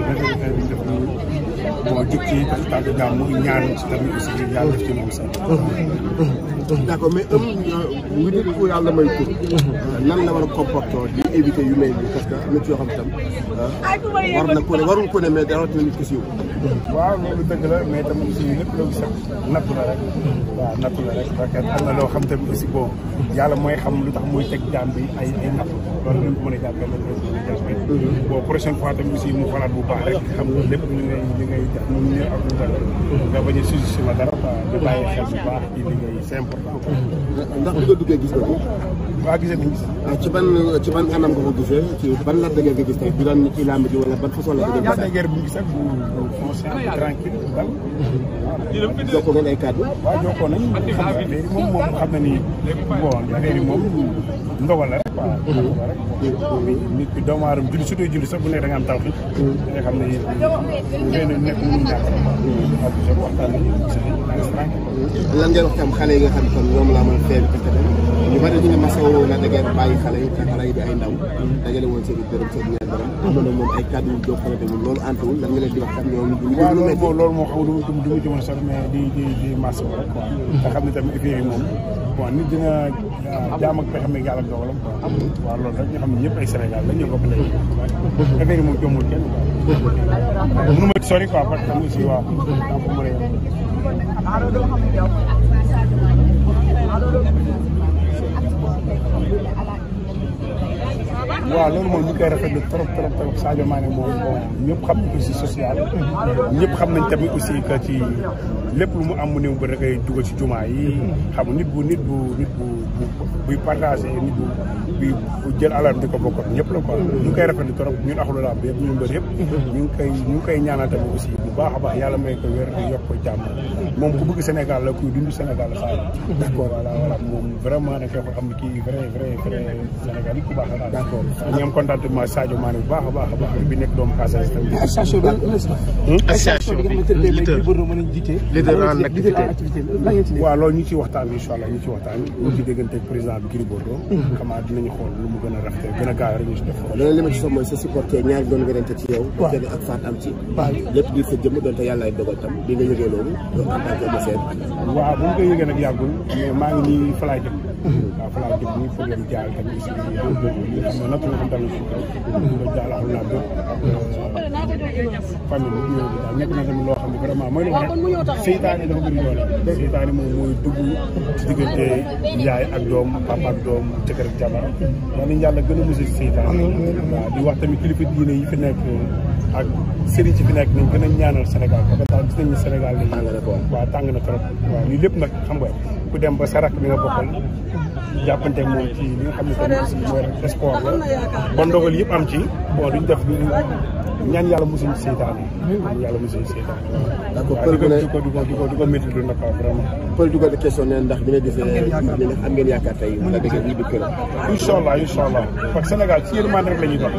rafetlukaay bi ñu def loolu bon jug ci tax mu gàmmu ñaan ci tamit aussi yàlla def ci moom sax. d' accord mais am ngi nit ku yàlla may tur euh, nan la war a comporter di éviter yu mel nii parce que am na ci yoo xam tam euh, war na ko ne warul ko ne na waaw loolu la mais tamit aussi lépp loo gis la rek waaw la rek parce que am na loo xam tamit aussi boobu yàlla mooy xam lu tax muy teg jaam bi ay ay natt a mhm. bu baax rek xam nga lépp ñu ngay a sujet si dara quoi bàyyi xel bu baax ci li ngay simple ndax bi nga duggee gis nga ko. waa gisee nañ gis. Ah, ci ban ci ban anam nga ko gisee ci ban la dëgër nga gis tey bi doon ci làmb ji wala ban façon la dëgër gis. waaw dëgër bu ñu gis ak bu conscient bu tranquille dal. jokkoo ngeen ay kàddu. waaw jokkoo moom moom xam na ni moom. nga wala rek waaw mm-hmm. nit bi julli su dee julli sax bu nekk da taw bi na lan ngay tam xale yi nga xam la amal feebi te tamit ñu bari ñu ne masawoo na da ngeen bàyyi xale yi te xale yi di ay ndaw mm-hmm. dajale woon seen i dërëm seen mm-hmm. na moom ay kàddu yu jox xale tamit loolu antuwul lan nga leen di wax tam ñoom waaw loolu loolu moo xamul du ma ci mën sax mais di di di masawoo rek waaw nga xam ne tamit moom bon nit dina jaam ak xam ne ñëpp ay Sénégal moom jombul kenn am aussi waaw. waaw loolu moom ñu koy rafetlu trop trop trop Sadio moom bon xam nañ tamit aussi que ci lépp lu mu am mu néew ba da koy dugal ci jumaa yi. xam nit bu nit bu. buy partagé nit bu bu jël alal di ko bokkoon ñëpp la quoi. ñu ngi koy rafetlu trop ñun axlu làmb yëpp ñun mbër mhm. ñu ngi koy ñu ngi koy ñaanal tamit aussi. baax a baax yàlla may ko wér di yokk ko jàmm moom ku bëgg Sénégal la kuy dund Sénégal la saa d' accord baax la baax a baax a baax bi nekk doomu Kaasas tamit association bi association bi hmm? waaw loolu ñu ci waxtaan incha allah ñu ci waxtaan ñu ci déggante président bi Gris Bordeaux hmm. xamaa dinañu xool lu mu gën a rafetee gën a gaaw rek ñu si def leneen li ma ci sof mooy sa supporter ñaari doon wérante ci yow ak faat am ci lépp jëmm donte yàllaay dogal tam di nga yëgee loolu en tant que monsieur. waaw bu ñu koy yëgee nag yàggul mais maa ngi nii fa laay jëm. Mhm. waaw fa laay jëm nii fa dem jaar mhm. mhm. euh, tamit si biir yëpp xam ak doom papa doom jëkkër ak jabar. yàlla gën a musal si seytaane. di wax tamit kilifa diine yi fi nekk. ak sëriñ ci fi nekk nañ gën a ñaanal Sénégal parce que gis nañ ni Sénégal léegi. tàng na trop waaw tàng na trop. waaw lii lépp nag xam nga ku dem ba sa rakk bi nga bokkal jàppante moom ci li nga xam ne tamit mooy sport la ba ndogal yëpp am ci bon duñ def duñ. ñaan yàlla mosuñ seytaan ñaan yàlla mosuñ seytaan d'accord pël bu ne di ko di ko di ko di ko métti du naka vraiment pël dugal de question ne ndax bi nga gisee ne am ngeen yaakaar tey da nga ñibbi këram incha allah incha allah parce que Sénégal ci yërmande rek la ñuy dox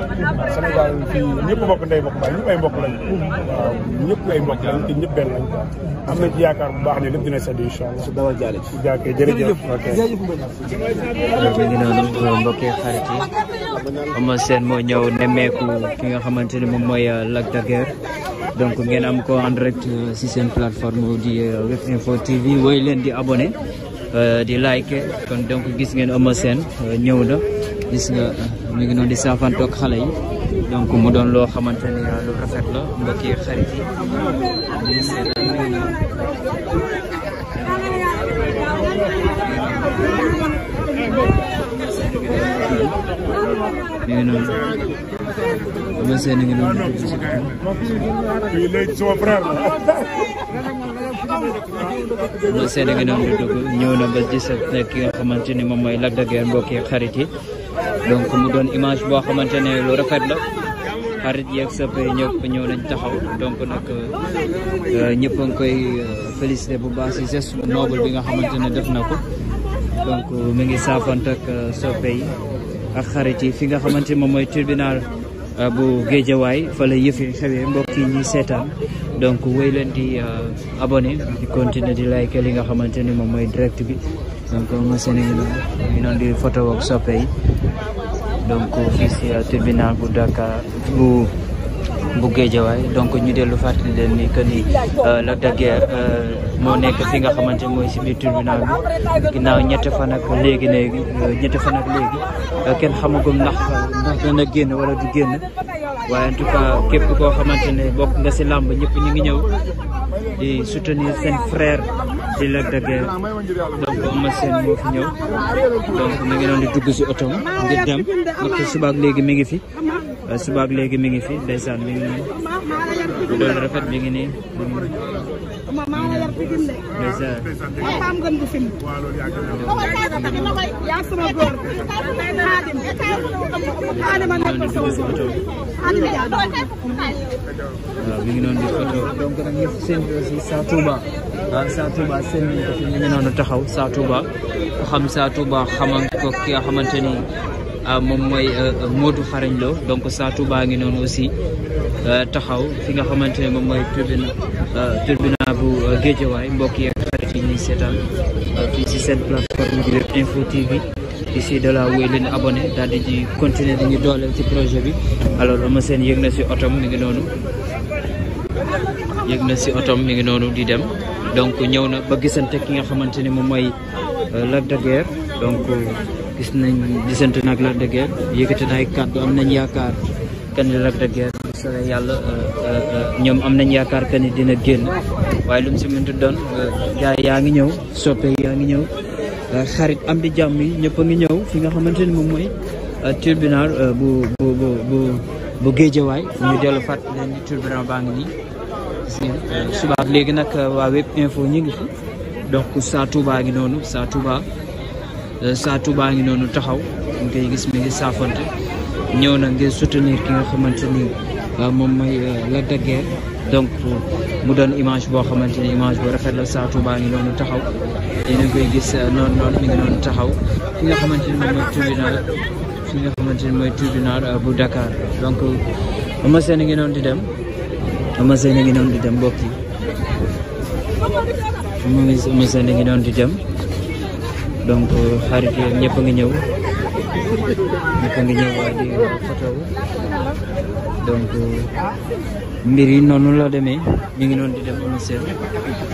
Sénégal fii ñëpp bokk ndey bokk baay ñëpp ay mbokk lañ waaw ñëpp ay mbokk lañ te ñëpp benn lañ am nañ ci yaakaar bu baax ne lépp dina sedd incha allah su dawal jaale ci jaake jërëjëf ñu ngi noonu mbokk xarit yi Eumeu Sène moo ñëw nemmeeku ki nga xamante ni moom mooy euh, Lac de Guiers donc ngeen am ko en direct euh, si seen plateforme di euh, Web Info TV wooy leen di abonné di like kon donc gis ngeen Eumeu Sène ñëw na gis nga mi ngi noonu di saafantoog xale yi donc mu doon loo xamante ni lu rafet la mbokk yi ma Sène ngi noonu di dugg Eumeu Sène ngi noonu ki nga xamante ni moom mooy Lac de Guiers mbokk yi xarit yi donc mu doon image boo xamante ne rafet la xarit yeeg sëpp yi ñëpp ñëw nañ taxaw donc nag euh, ñëpp a ngi koy euh, félicité bu baax si geste noble bi nga xamante ne def na ko donc euh, mi ngi saafante ak yi ak xarit yi fi nga xamante moom mooy tribunal bu géejawaay fa la yëf yi xewee mbokk yi ñuy seetaan donc woy leen di euh, abonné di continuer di like li nga xamante ni moom mooy direct bi donc euh, ma seen ngi noonu ngi noonu di photo ak soppe yi donc fii si tribunal bu Dakar bu bu Géejawaay donc ñu dellu fàttali leen nii que ni euh, Lac de Guiers euh, moo nekk fi nga xamante mooy si biir tribunal bi ginnaaw ñetti fan ak léegi léegi euh, ñetti fan ak léegi kenn xamagum ndax ndax dana génn wala du génn waaye en tout cas képp koo xamante ne bokk nga si làmb ñëpp ñu ngi ñëw di soutenir seen frère di Lac de Guiers donc Eumeu Sène moo ñëw donc mi ngi doon di dugg si otom ngir dem ak subaak léegi mi ngi fi Euh, subaak léegi mi ngi fi ndeysaan mi ngi nii loolu rafet mi ngi nii ndeysaan waaw mi ngi noonu di photo donc nag ñëpp seen aussi Sa Touba waaw Sa Touba seen mi ngi noonu taxaw Sa Touba xam Sa Touba xaman ko ki nga xamante ni Euh, moom mooy euh, euh, Modou Xarañ loo donc saa baa ngi noonu aussi taxaw fi nga xamante ne moom mooy tribunal tribunal bu Géejawaay mbokk yeeg xarit yi ñuy seetaan fii si seen plateforme bi Web Info TV la wéy leen abonné daal di di continuer di projet bi alors ama seen yëg na si otom mu ngi noonu yëg na si otom mi ngi noonu di dem donc ñëw na ba gisante ki nga xamante ne moom mooy Lac de Guiers donc gis nañ gisante nag Lac de Guiers yëkkati na ay kàddu am nañ yaakaar kenn Lac de Guiers sore euh, euh, euh, ñoom am nañ yaakaar que ni dina génn waaye lu mu si mënti doon gars yaa ngi ñëw soppe yaa ngi ñëw xarit am di jàmm yi ñëpp a ngi ñëw fi nga xamante ni moom mooy tribunal bu bu bu bu bu ñu dellu fàtt leen ni tribunal baa ngi nii gis léegi nag waa web info ñu ngi fi donc saa Touba ngi noonu saa Touba Euh, Sa Touba ngi noonu taxaw ñu gis mi ngi saafante ñëw na ngir soutenir ki nga xamante ni euh, moom mooy euh, la daggee donc mu doon image boo xamante ni image bu rafet la Sa ngi noonu taxaw yéen a koy taxaw ki nga xamante ni moom mooy tribunal ki nga xamante bu Dakar donc seen ngi noonu di dem ama seen a ngi noonu di dem mbokk yi ama seen a ngi noonu di dem donc euh, xarit yi ñëpp a ngi ñëw ñëpp a ngi ñëw waa donc euh, mbir yi noonu la demee ñu ngi noonu di dem émission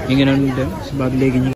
ñu ngi noonu di dem suba ak léegi.